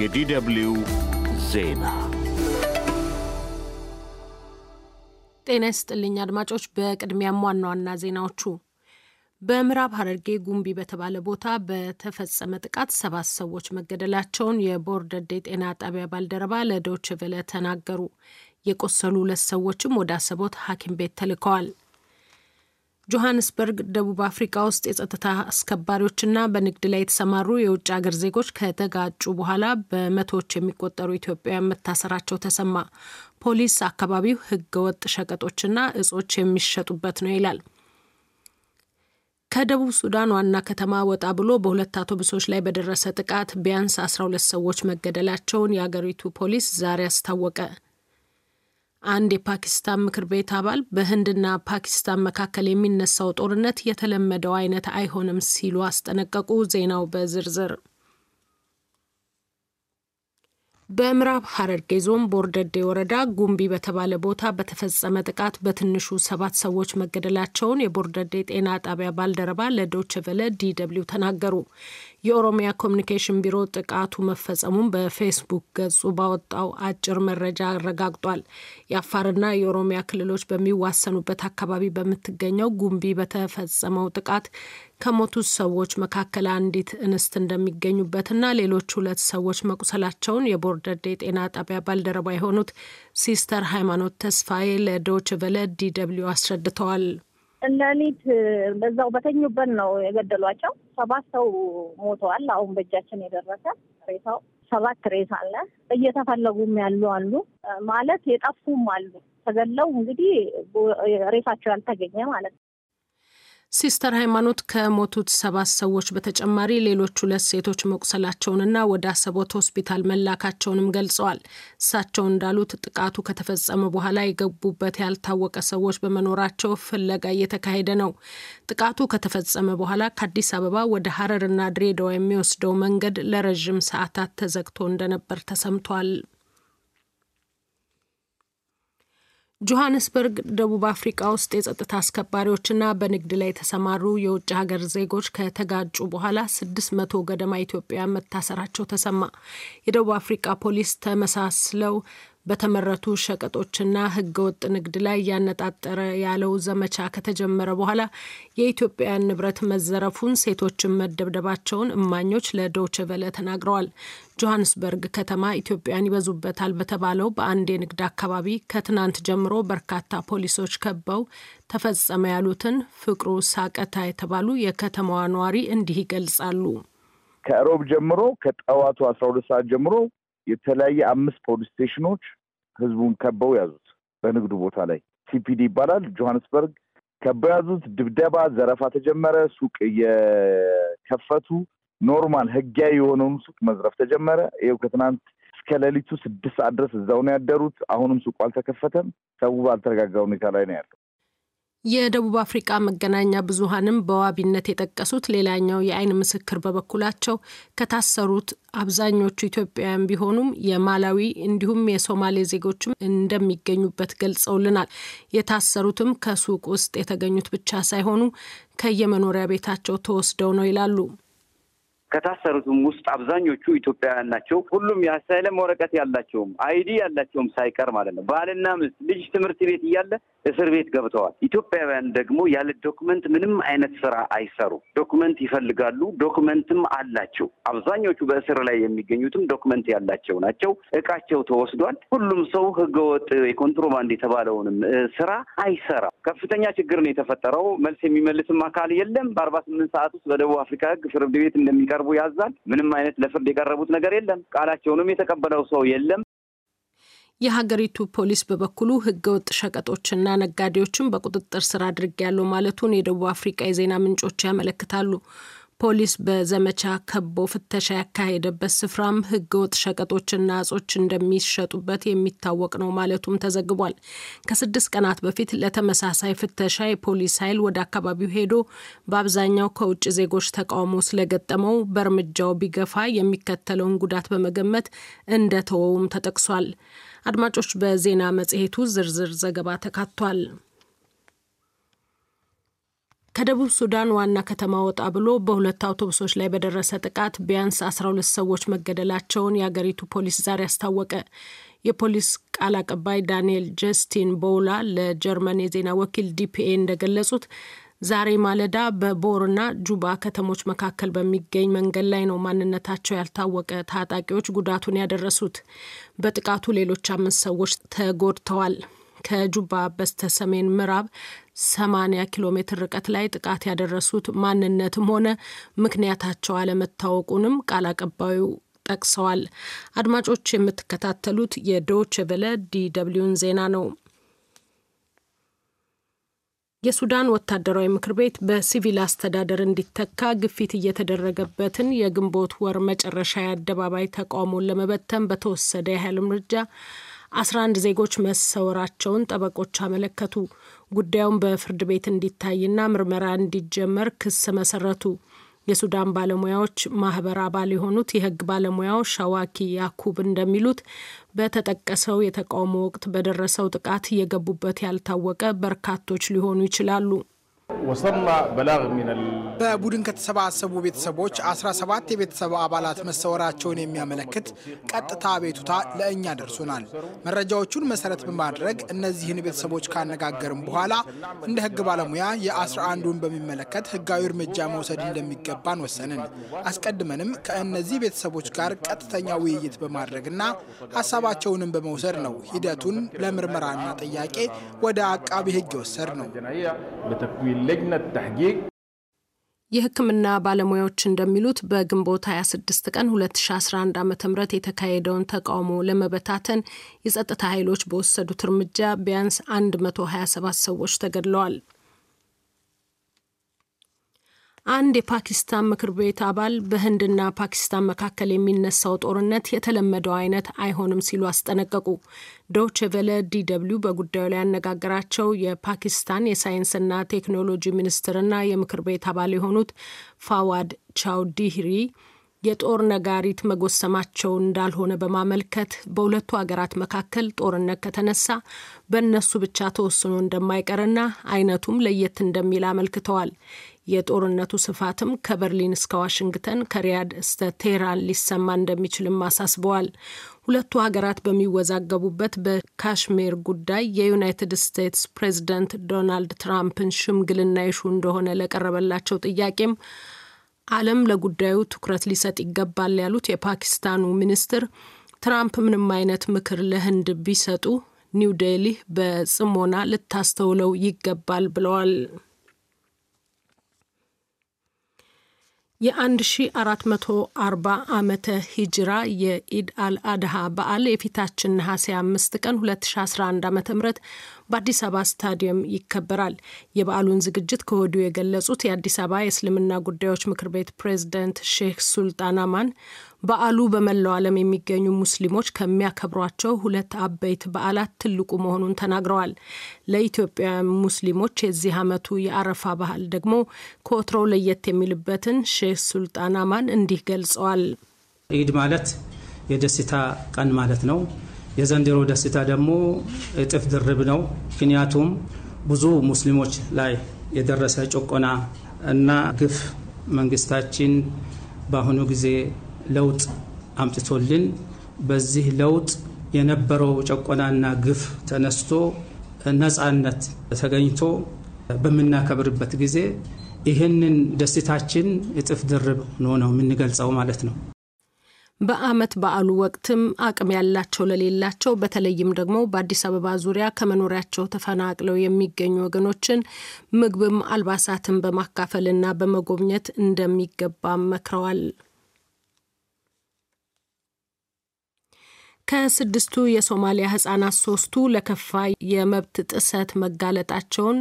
የዲደብልዩ ዜና ጤና ይስጥልኝ አድማጮች። በቅድሚያም ዋና ዋና ዜናዎቹ በምዕራብ ሐረርጌ ጉምቢ በተባለ ቦታ በተፈጸመ ጥቃት ሰባት ሰዎች መገደላቸውን የቦርደዴ ጤና ጣቢያ ባልደረባ ለዶችቨለ ተናገሩ። የቆሰሉ ሁለት ሰዎችም ወደ አሰቦት ሐኪም ቤት ተልከዋል። ጆሃንስበርግ ደቡብ አፍሪካ ውስጥ የጸጥታ አስከባሪዎችና በንግድ ላይ የተሰማሩ የውጭ ሀገር ዜጎች ከተጋጩ በኋላ በመቶዎች የሚቆጠሩ ኢትዮጵያውያን መታሰራቸው ተሰማ። ፖሊስ አካባቢው ወጥ ሸቀጦችና እጾች የሚሸጡበት ነው ይላል። ከደቡብ ሱዳን ዋና ከተማ ወጣ ብሎ በሁለት አውቶቡሶች ላይ በደረሰ ጥቃት ቢያንስ 12 ሰዎች መገደላቸውን የአገሪቱ ፖሊስ ዛሬ አስታወቀ። አንድ የፓኪስታን ምክር ቤት አባል በህንድና ፓኪስታን መካከል የሚነሳው ጦርነት የተለመደው አይነት አይሆንም ሲሉ አስጠነቀቁ። ዜናው በዝርዝር በምዕራብ ሐረርጌ ዞን ቦርደዴ ወረዳ ጉምቢ በተባለ ቦታ በተፈጸመ ጥቃት በትንሹ ሰባት ሰዎች መገደላቸውን የቦርደዴ ጤና ጣቢያ ባልደረባ ለዶችቨለ ዲ ደብልዩ ተናገሩ። የኦሮሚያ ኮሚኒኬሽን ቢሮ ጥቃቱ መፈጸሙን በፌስቡክ ገጹ ባወጣው አጭር መረጃ አረጋግጧል። የአፋርና የኦሮሚያ ክልሎች በሚዋሰኑበት አካባቢ በምትገኘው ጉምቢ በተፈጸመው ጥቃት ከሞቱት ሰዎች መካከል አንዲት እንስት እንደሚገኙበትና ሌሎች ሁለት ሰዎች መቁሰላቸውን የቦርደዴ የጤና ጣቢያ ባልደረባ የሆኑት ሲስተር ሃይማኖት ተስፋዬ ለዶችቨለ ዲ አስረድተዋል። እነኒት በዛው በተኙበት ነው የገደሏቸው። ሰባት ሰው ሞተዋል። አሁን በእጃችን የደረሰ ሬሳው ሰባት ሬሳ አለ። እየተፈለጉም ያሉ አሉ፣ ማለት የጠፉም አሉ። ተገለው እንግዲህ ሬሳቸው ያልተገኘ ማለት ነው። ሲስተር ሃይማኖት ከሞቱት ሰባት ሰዎች በተጨማሪ ሌሎች ሁለት ሴቶች መቁሰላቸውንና ወደ አሰቦት ሆስፒታል መላካቸውንም ገልጸዋል። እሳቸው እንዳሉት ጥቃቱ ከተፈጸመ በኋላ የገቡበት ያልታወቀ ሰዎች በመኖራቸው ፍለጋ እየተካሄደ ነው። ጥቃቱ ከተፈጸመ በኋላ ከአዲስ አበባ ወደ ሀረርና ድሬዳዋ የሚወስደው መንገድ ለረዥም ሰዓታት ተዘግቶ እንደነበር ተሰምቷል። ጆሃንስበርግ ደቡብ አፍሪካ ውስጥ የጸጥታ አስከባሪዎችና በንግድ ላይ የተሰማሩ የውጭ ሀገር ዜጎች ከተጋጩ በኋላ ስድስት መቶ ገደማ ኢትዮጵያውያን መታሰራቸው ተሰማ። የደቡብ አፍሪካ ፖሊስ ተመሳስለው በተመረቱ ሸቀጦችና ህገወጥ ንግድ ላይ ያነጣጠረ ያለው ዘመቻ ከተጀመረ በኋላ የኢትዮጵያን ንብረት መዘረፉን፣ ሴቶችን መደብደባቸውን እማኞች ለዶችቨለ ተናግረዋል። ጆሃንስበርግ ከተማ ኢትዮጵያን ይበዙበታል በተባለው በአንድ የንግድ አካባቢ ከትናንት ጀምሮ በርካታ ፖሊሶች ከበው ተፈጸመ ያሉትን ፍቅሩ ሳቀታ የተባሉ የከተማዋ ነዋሪ እንዲህ ይገልጻሉ። ከሮብ ጀምሮ ከጠዋቱ አስራ ሁለት ሰዓት ጀምሮ የተለያየ አምስት ፖሊስ ስቴሽኖች ህዝቡን ከበው ያዙት። በንግዱ ቦታ ላይ ሲፒዲ ይባላል ጆሀንስበርግ ከበው ያዙት። ድብደባ፣ ዘረፋ ተጀመረ። ሱቅ እየከፈቱ ኖርማል ህጊያ የሆነውን ሱቅ መዝረፍ ተጀመረ። ይው ከትናንት እስከ ሌሊቱ ስድስት ሰዓት ድረስ እዛው ነው ያደሩት። አሁንም ሱቁ አልተከፈተም። ሰው ባልተረጋጋ ሁኔታ ላይ ነው ያለው። የደቡብ አፍሪቃ መገናኛ ብዙሀንም በዋቢነት የጠቀሱት ሌላኛው የአይን ምስክር በበኩላቸው ከታሰሩት አብዛኞቹ ኢትዮጵያውያን ቢሆኑም የማላዊ እንዲሁም የሶማሌ ዜጎችም እንደሚገኙበት ገልጸውልናል። የታሰሩትም ከሱቅ ውስጥ የተገኙት ብቻ ሳይሆኑ ከየመኖሪያ ቤታቸው ተወስደው ነው ይላሉ። ከታሰሩትም ውስጥ አብዛኞቹ ኢትዮጵያውያን ናቸው። ሁሉም የአሳይለም ወረቀት ያላቸውም አይዲ ያላቸውም ሳይቀር ማለት ነው። ባልና ምስ ልጅ ትምህርት ቤት እያለ እስር ቤት ገብተዋል። ኢትዮጵያውያን ደግሞ ያለ ዶክመንት ምንም አይነት ስራ አይሰሩ። ዶክመንት ይፈልጋሉ። ዶክመንትም አላቸው። አብዛኞቹ በእስር ላይ የሚገኙትም ዶክመንት ያላቸው ናቸው። እቃቸው ተወስዷል። ሁሉም ሰው ህገወጥ የኮንትሮባንድ የተባለውንም ስራ አይሰራም። ከፍተኛ ችግር ነው የተፈጠረው። መልስ የሚመልስም አካል የለም። በአርባ ስምንት ሰዓት ውስጥ በደቡብ አፍሪካ ህግ ፍርድ ቤት እንደሚቀ እንዲያቀርቡ ያዛል። ምንም አይነት ለፍርድ የቀረቡት ነገር የለም። ቃላቸውንም የተቀበለው ሰው የለም። የሀገሪቱ ፖሊስ በበኩሉ ህገወጥ ሸቀጦችና ነጋዴዎችን በቁጥጥር ስር አድርጌያለሁ ማለቱን የደቡብ አፍሪቃ የዜና ምንጮች ያመለክታሉ። ፖሊስ በዘመቻ ከቦ ፍተሻ ያካሄደበት ስፍራም ህገወጥ ሸቀጦችና እጾች እንደሚሸጡበት የሚታወቅ ነው ማለቱም ተዘግቧል። ከስድስት ቀናት በፊት ለተመሳሳይ ፍተሻ የፖሊስ ኃይል ወደ አካባቢው ሄዶ በአብዛኛው ከውጭ ዜጎች ተቃውሞ ስለገጠመው በእርምጃው ቢገፋ የሚከተለውን ጉዳት በመገመት እንደተወውም ተጠቅሷል። አድማጮች፣ በዜና መጽሔቱ ዝርዝር ዘገባ ተካቷል። ከደቡብ ሱዳን ዋና ከተማ ወጣ ብሎ በሁለት አውቶቡሶች ላይ በደረሰ ጥቃት ቢያንስ 12 ሰዎች መገደላቸውን የአገሪቱ ፖሊስ ዛሬ አስታወቀ። የፖሊስ ቃል አቀባይ ዳንኤል ጀስቲን ቦውላ ለጀርመን የዜና ወኪል ዲፒኤ እንደገለጹት ዛሬ ማለዳ በቦርና ጁባ ከተሞች መካከል በሚገኝ መንገድ ላይ ነው ማንነታቸው ያልታወቀ ታጣቂዎች ጉዳቱን ያደረሱት። በጥቃቱ ሌሎች አምስት ሰዎች ተጎድተዋል። ከጁባ በስተሰሜን ምዕራብ 80 ኪሎ ሜትር ርቀት ላይ ጥቃት ያደረሱት ማንነትም ሆነ ምክንያታቸው አለመታወቁንም ቃል አቀባዩ ጠቅሰዋል። አድማጮች የምትከታተሉት የዶች ቨለ ዲደብሊውን ዜና ነው። የሱዳን ወታደራዊ ምክር ቤት በሲቪል አስተዳደር እንዲተካ ግፊት እየተደረገበትን የግንቦት ወር መጨረሻ የአደባባይ ተቃውሞን ለመበተን በተወሰደ የኃይል እርምጃ 11 ዜጎች መሰወራቸውን ጠበቆች አመለከቱ። ጉዳዩን በፍርድ ቤት እንዲታይና ምርመራ እንዲጀመር ክስ መሰረቱ። የሱዳን ባለሙያዎች ማህበር አባል የሆኑት የህግ ባለሙያው ሻዋኪ ያኩብ እንደሚሉት በተጠቀሰው የተቃውሞ ወቅት በደረሰው ጥቃት የገቡበት ያልታወቀ በርካቶች ሊሆኑ ይችላሉ። ወሰላ በላግ ሚነል በቡድን ከተሰባሰቡ ቤተሰቦች 17 የቤተሰብ አባላት መሰወራቸውን የሚያመለክት ቀጥታ አቤቱታ ለእኛ ደርሶናል። መረጃዎቹን መሰረት በማድረግ እነዚህን ቤተሰቦች ካነጋገርም በኋላ እንደ ህግ ባለሙያ የ11ዱን በሚመለከት ህጋዊ እርምጃ መውሰድ እንደሚገባን ወሰንን። አስቀድመንም ከእነዚህ ቤተሰቦች ጋር ቀጥተኛ ውይይት በማድረግና ሀሳባቸውንም በመውሰድ ነው ሂደቱን ለምርመራና ጥያቄ ወደ አቃቢ ህግ የወሰድ ነው። ለጅነት የሕክምና ባለሙያዎች እንደሚሉት በግንቦት 26 ቀን 2011 ዓ ም የተካሄደውን ተቃውሞ ለመበታተን የጸጥታ ኃይሎች በወሰዱት እርምጃ ቢያንስ 127 ሰዎች ተገድለዋል። አንድ የፓኪስታን ምክር ቤት አባል በህንድና ፓኪስታን መካከል የሚነሳው ጦርነት የተለመደው አይነት አይሆንም ሲሉ አስጠነቀቁ። ዶቼ ቬለ ዲደብሊው በጉዳዩ ላይ ያነጋገራቸው የፓኪስታን የሳይንስና ቴክኖሎጂ ሚኒስትርና የምክር ቤት አባል የሆኑት ፋዋድ ቻውዲህሪ የጦር ነጋሪት መጎሰማቸው እንዳልሆነ በማመልከት በሁለቱ ሀገራት መካከል ጦርነት ከተነሳ በእነሱ ብቻ ተወስኖ እንደማይቀርና አይነቱም ለየት እንደሚል አመልክተዋል። የጦርነቱ ስፋትም ከበርሊን እስከ ዋሽንግተን ከሪያድ እስተ ቴህራን ሊሰማ እንደሚችልም አሳስበዋል። ሁለቱ ሀገራት በሚወዛገቡበት በካሽሜር ጉዳይ የዩናይትድ ስቴትስ ፕሬዚደንት ዶናልድ ትራምፕን ሽምግልና ይሹ እንደሆነ ለቀረበላቸው ጥያቄም ዓለም ለጉዳዩ ትኩረት ሊሰጥ ይገባል ያሉት የፓኪስታኑ ሚኒስትር ትራምፕ ምንም አይነት ምክር ለህንድ ቢሰጡ ኒው ዴሊ በጽሞና ልታስተውለው ይገባል ብለዋል። የ1440 ዓመተ ሂጅራ የኢድ አልአድሃ በዓል የፊታችን ነሐሴ አምስት ቀን 2011 ዓ ም በአዲስ አበባ ስታዲየም ይከበራል። የበዓሉን ዝግጅት ከወዲሁ የገለጹት የአዲስ አበባ የእስልምና ጉዳዮች ምክር ቤት ፕሬዝደንት ሼክ ሱልጣን አማን በዓሉ በመላው ዓለም የሚገኙ ሙስሊሞች ከሚያከብሯቸው ሁለት አበይት በዓላት ትልቁ መሆኑን ተናግረዋል። ለኢትዮጵያውያን ሙስሊሞች የዚህ ዓመቱ የአረፋ ባህል ደግሞ ከወትሮው ለየት የሚልበትን ሼክ ሱልጣን አማን እንዲህ ገልጸዋል። ኢድ ማለት የደስታ ቀን ማለት ነው። የዘንድሮ ደስታ ደግሞ እጥፍ ድርብ ነው። ምክንያቱም ብዙ ሙስሊሞች ላይ የደረሰ ጭቆና እና ግፍ መንግስታችን በአሁኑ ጊዜ ለውጥ አምጥቶልን በዚህ ለውጥ የነበረው ጨቆናና ግፍ ተነስቶ ነጻነት ተገኝቶ በምናከብርበት ጊዜ ይህንን ደስታችን እጥፍ ድርብ ሆኖ ነው የምንገልጸው ማለት ነው። በዓመት በዓሉ ወቅትም አቅም ያላቸው ለሌላቸው በተለይም ደግሞ በአዲስ አበባ ዙሪያ ከመኖሪያቸው ተፈናቅለው የሚገኙ ወገኖችን ምግብም አልባሳትን በማካፈልና በመጎብኘት እንደሚገባ መክረዋል። ከስድስቱ የሶማሊያ ህጻናት ሶስቱ ለከፋ የመብት ጥሰት መጋለጣቸውን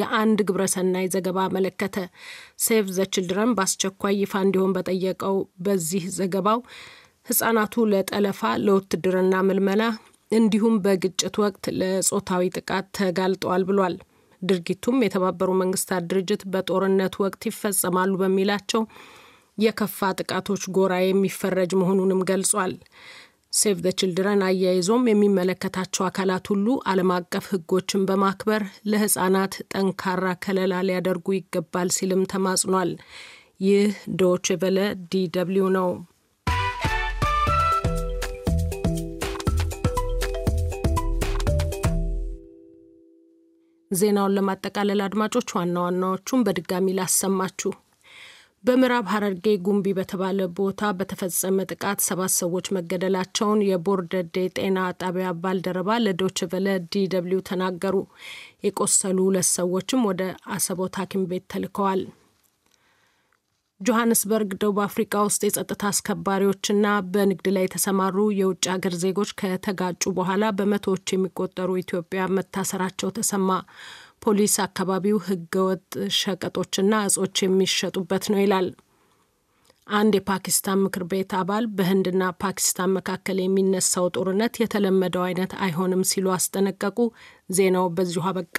የአንድ ግብረሰናይ ዘገባ አመለከተ። ሴቭ ዘ ችልድረን በአስቸኳይ ይፋ እንዲሆን በጠየቀው በዚህ ዘገባው ህጻናቱ ለጠለፋ፣ ለውትድርና ምልመላ እንዲሁም በግጭት ወቅት ለጾታዊ ጥቃት ተጋልጠዋል ብሏል። ድርጊቱም የተባበሩ መንግስታት ድርጅት በጦርነት ወቅት ይፈጸማሉ በሚላቸው የከፋ ጥቃቶች ጎራ የሚፈረጅ መሆኑንም ገልጿል። ሴቭ ዘ ችልድረን አያይዞም የሚመለከታቸው አካላት ሁሉ ዓለም አቀፍ ሕጎችን በማክበር ለሕፃናት ጠንካራ ከለላ ሊያደርጉ ይገባል ሲልም ተማጽኗል። ይህ ዶች ቨለ ዲ ደብልዩ ነው። ዜናውን ለማጠቃለል አድማጮች ዋና ዋናዎቹን በድጋሚ ላሰማችሁ። በምዕራብ ሐረርጌ ጉምቢ በተባለ ቦታ በተፈጸመ ጥቃት ሰባት ሰዎች መገደላቸውን የቦርደዴ ጤና ጣቢያ ባልደረባ ለዶችቨለ ቬለ ዲደብሊው ተናገሩ። የቆሰሉ ሁለት ሰዎችም ወደ አሰቦት ሐኪም ቤት ተልከዋል። ጆሐንስበርግ፣ ደቡብ አፍሪካ ውስጥ የጸጥታ አስከባሪዎችና በንግድ ላይ የተሰማሩ የውጭ ሀገር ዜጎች ከተጋጩ በኋላ በመቶዎች የሚቆጠሩ ኢትዮጵያ መታሰራቸው ተሰማ። ፖሊስ አካባቢው ህገወጥ ሸቀጦችና እጾች የሚሸጡበት ነው ይላል። አንድ የፓኪስታን ምክር ቤት አባል በህንድና ፓኪስታን መካከል የሚነሳው ጦርነት የተለመደው አይነት አይሆንም ሲሉ አስጠነቀቁ። ዜናው በዚሁ አበቃ።